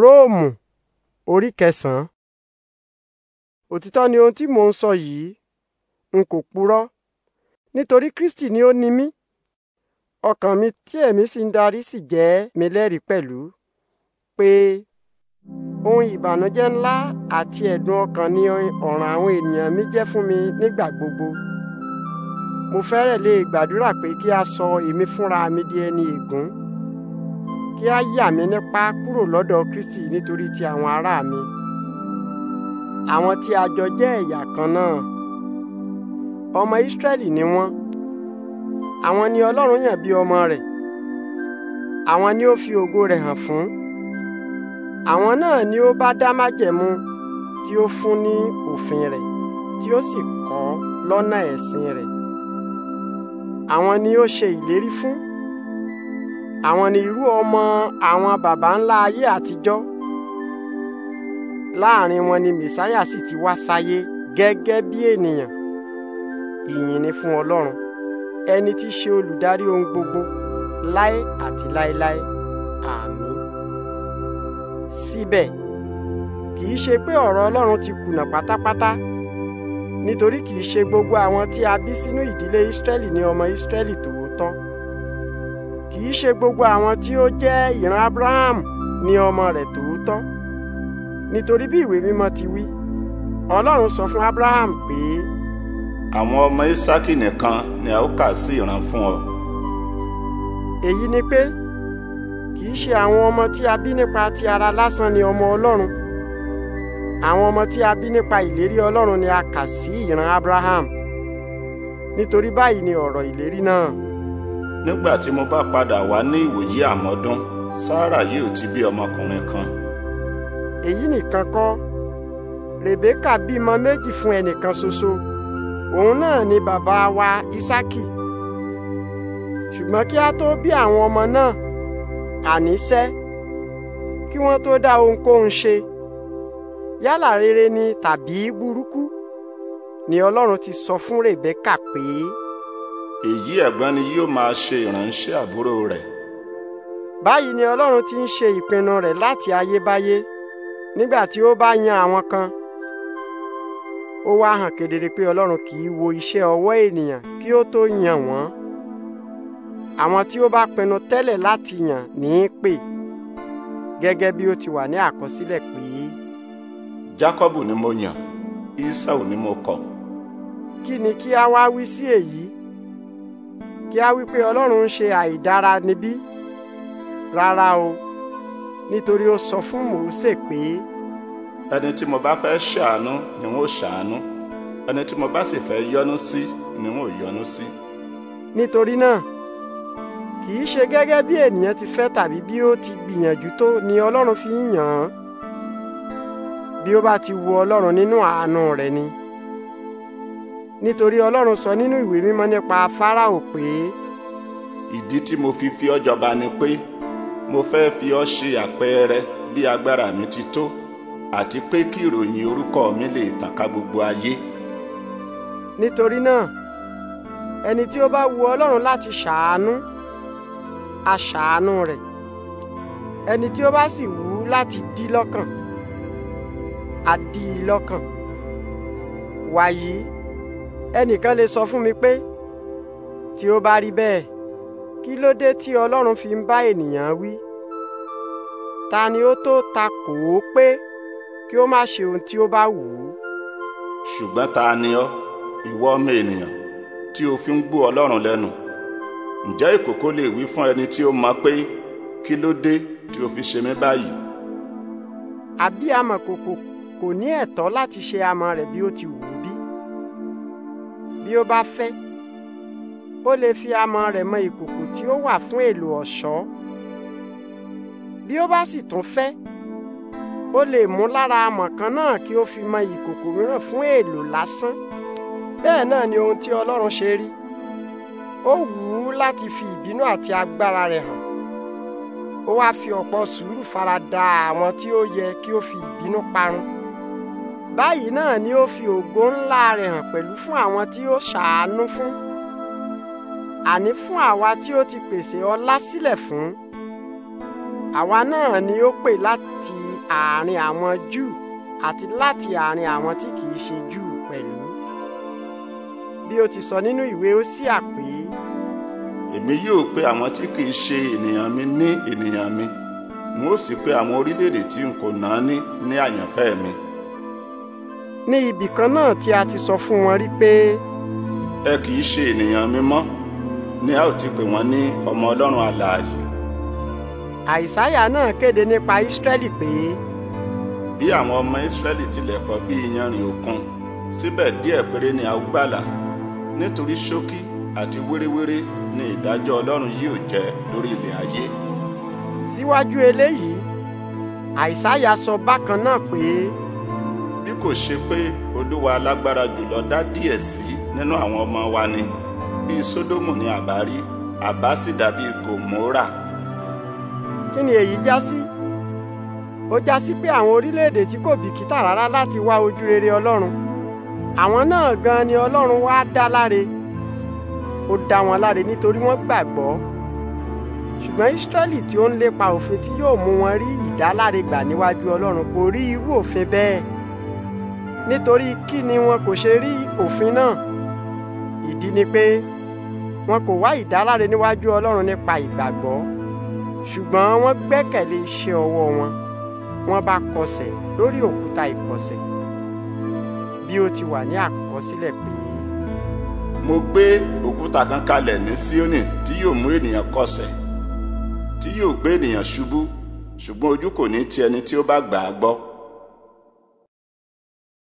róòmù orí kẹsàn-án. òtítọ́ ni ohun tí mò ń sọ yìí n kò purọ́ nítorí kristi ni ó ni mí ọkàn mi tí ẹ̀mí sì ń darí sì jẹ́ mi lẹ́rìí pẹ̀lú pé ohun ìbànújẹ́ ńlá àti ẹ̀dùn ọkàn ni ọ̀ràn àwọn ènìyàn mi jẹ́ fún mi nígbà gbogbo mo fẹ́rẹ̀ lè gbàdúrà pé kí a sọ èmi fúnra mi di ẹni ègún. E kí a yà mí nípa kúrò lọ́dọ̀ Kristi nítorí ti àwọn ará mi àwọn tí a jọ jẹ́ ẹ̀yà kan náà ọmọ Ísírẹ́lì ni wọ́n àwọn ni Ọlọ́run yàn bí ọmọ rẹ̀ àwọn ni ó fi ògo rẹ̀ hàn fún àwọn náà ni ó bá dá májẹ̀mú tí ó fún ní òfin rẹ̀ tí ó sì kọ́ lọ́nà ẹ̀sìn rẹ̀ àwọn ni ó ṣe ìlérí fún àwọn ni irú ọmọ àwọn baba ńlá ayé àtijọ́ láàrin wọn ni mẹsáyà sì ti wá sáyé gẹ́gẹ́ bí ènìyàn ìyìn ni fún ọlọ́run ẹni tí í ṣe olùdarí ohun gbogbo láé àti láéláé àmín síbẹ̀ kì í ṣe pé ọ̀rọ̀ ọlọ́run ti kùnà pátápátá nítorí kì í ṣe gbogbo àwọn tí a bí sínú ìdílé ìsírẹ́lì ni ọmọ ìsírẹ́lì tòótọ́ kì í ṣe gbogbo àwọn tí ó jẹ́ ìran Abraham ni ọmọ rẹ̀ tòótọ́ nítorí bí ìwé mímọ́ ti wí Ọlọ́run sọ fún Abraham pé. àwọn ọmọ Ísákì nìkan ni a ó kà sí ìran fún ọ. èyí ni pé kì í ṣe àwọn ọmọ tí a bí nípa ti ara lásán ni ọmọ Ọlọ́run àwọn ọmọ tí a bí nípa ìlérí Ọlọ́run ni a kà sí ìran Abraham nítorí báyìí ni ọ̀rọ̀ ìlérí náà nígbà tí mo bá padà wá ní ìwòyí àmọ́dún sára yóò ti bí ọmọkùnrin kan. èyí nìkan kọ́ rèbékà bímọ méjì fún ẹnìkan ṣoṣo òun náà ni bàbá wa ìsákì ṣùgbọ́n kí a tó bí àwọn ọmọ náà àníṣẹ́ kí wọ́n tó dá ohunkóhun ṣe yálà rere ni tàbí burúkú ni ọlọ́run ti sọ fún rèbékà pé èyí ẹ̀gbọ́n ni yóò máa ṣe ìránṣẹ́ àbúrò rẹ̀. báyìí ni ọlọ́run ti ń ṣe ìpinnu rẹ̀ láti ayébáyé nígbà tí ó bá yan àwọn kan ó wá hàn kedere pé ọlọ́run kì í wo iṣẹ́ ọwọ́ ènìyàn kí ó tó yàn wọ́n àwọn tí ó bá pinnu tẹ́lẹ̀ láti yàn ní í pè gẹ́gẹ́ bí ó ti wà ní àkọsílẹ̀ pé. Jákọ́bù ni mo yàn Ísáù ni mo kọ̀. kí ni kí a wá wí sí èyí kí á wípé Ọlọ́run ń ṣe àìdára níbí rárá o nítorí ó sọ fún Mósè pé. ẹni tí mo bá fẹ́ ṣàánú ni n ó ṣàánú ẹni tí mo bá sì fẹ́ yọ́nú sí ni n ó yọ́nú sí. nítorí náà kì í ṣe gẹ́gẹ́ bí ènìyàn ti fẹ́ tàbí bí ó ti gbìyànjú tó ni Ọlọ́run fi ń yàn án bí ó bá ti wu Ọlọ́run nínú àánú rẹ̀ ni. Ni nítorí ọlọ́run sọ nínú ìwé mímọ́ nípa fáráò pé. ìdí tí mo fi fi ọ́ jọba ni pé mo fẹ́ fi ọ́ ṣe àpẹẹrẹ bí agbára mi ti tó àti pé kí ìròyìn orúkọ mi lè tàn ká gbogbo ayé. nítorí náà ẹni tí ó bá wu ọlọ́run láti ṣàánú á rẹ̀ ẹni tí ó bá sì wù ú láti dí lọ́kàn á lọ́kàn wàyí ẹnìkan lè sọ fún mi pé tí ó bá rí bẹ́ẹ̀ kí ló dé tí Ọlọ́run fi ń bá ènìyàn wí ta ni ó tó takò ó pé kí ó má ṣe ohun tí ó bá wù ú. ṣùgbọ́n ta ni ọ́ ìwọ ọmọ ènìyàn tí o fi ń gbó Ọlọ́run lẹ́nu ǹjẹ́ ìkókó lè wí fún ẹni tí ó mọ̀ pé kí ló dé tí o fi ṣe mí báyìí. àbí amọ̀kòkò kò ní ẹ̀tọ́ láti ṣe amọ̀ rẹ̀ bí ó ti wù ú bí ó bá fẹ́ ó lè fi amọ̀ rẹ̀ mọ ìkòkò tí ó wà fún èlò ọ̀ṣọ́ bí ó bá sì tún fẹ́ ó lè mú lára amọ̀ kan náà kí ó fi mọ ìkòkò mìíràn fún èlò lásán bẹ́ẹ̀ náà ni ohun tí Ọlọ́run ṣe rí ó wù ú láti fi ìbínú àti agbára rẹ̀ hàn ó wá fi ọ̀pọ̀ sùúrù fara da àwọn tí ó yẹ kí ó fi ìbínú parun báyìí náà ni ó fi ògo ńlá rẹ̀ hàn pẹ̀lú fún àwọn tí ó ṣàánú fún àní fún àwa tí ó ti pèsè ọlá sílẹ̀ fún àwa náà ni ó pè láti àárín àwọn Júù àti láti àárín àwọn tí kìí ṣe Júù pẹ̀lú bí o ti sọ nínú ìwé Hósíà pé. èmi yóò pe àwọn tí kìí ṣe ènìyàn mi ní ènìyàn mi n ó sì pe àwọn orílẹ̀-èdè tí n kò náání ní àyànfẹ́ mi ní ibì kan náà tí a ti sọ fún wọn rí pé. ẹ kì í ṣe ènìyàn mímọ́ ni a ò ti pè wọ́n ní ọmọ ọlọ́run alààyè. àìsáyà náà kéde nípa ìsírẹ́lì pé. bí àwọn ọmọ ìsírẹ́lì tilẹ̀ pọ̀ bí iyanrìn òkun síbẹ̀ díẹ̀ péré ni a ó gbàlà nítorí ṣókí àti wéréwéré ni ìdájọ́ ọlọ́run yóò jẹ́ lórí ilẹ̀ ayé. síwájú eléyìí àìsáyà sọ bákan náà pé bí kò ṣe pé olúwa alágbára jùlọ dá díẹ̀ sí nínú àwọn ọmọ wa ni bíi sódómù ni àbá rí àbá sì dàbí gòmórà. kí ni èyí já sí ó já sí pé àwọn orílẹ̀-èdè tí kò bìkítà rárá láti wá ojú rere ọlọ́run àwọn náà gan ni ọlọ́run wá dá láre ó dá wọn láre nítorí wọ́n gbàgbọ́ ṣùgbọ́n Ísírẹ́lì tí ó ń lépa òfin tí yóò mú wọn rí ìdáláre gbà níwájú ọlọ́run kò rí irú òfin bẹ́ẹ̀ nítorí kí ni wọn kò ṣe rí òfin náà ìdí ni pé wọn kò wá ìdáláre níwájú Ọlọ́run nípa ìgbàgbọ́ ṣùgbọ́n wọ́n gbẹ́kẹ̀lé iṣẹ́ ọwọ́ wọn wọ́n bá kọsẹ̀ lórí òkúta ìkọsẹ̀ bí ó ti wà ní àkọsílẹ̀ pé. mo gbé òkúta kan kalẹ̀ ní Síónì tí yóò mú ènìyàn kọsẹ̀ tí yóò gbé ènìyàn ṣubú ṣùgbọ́n ojú kò ní ti ẹni tí ó bá gbà á gbọ́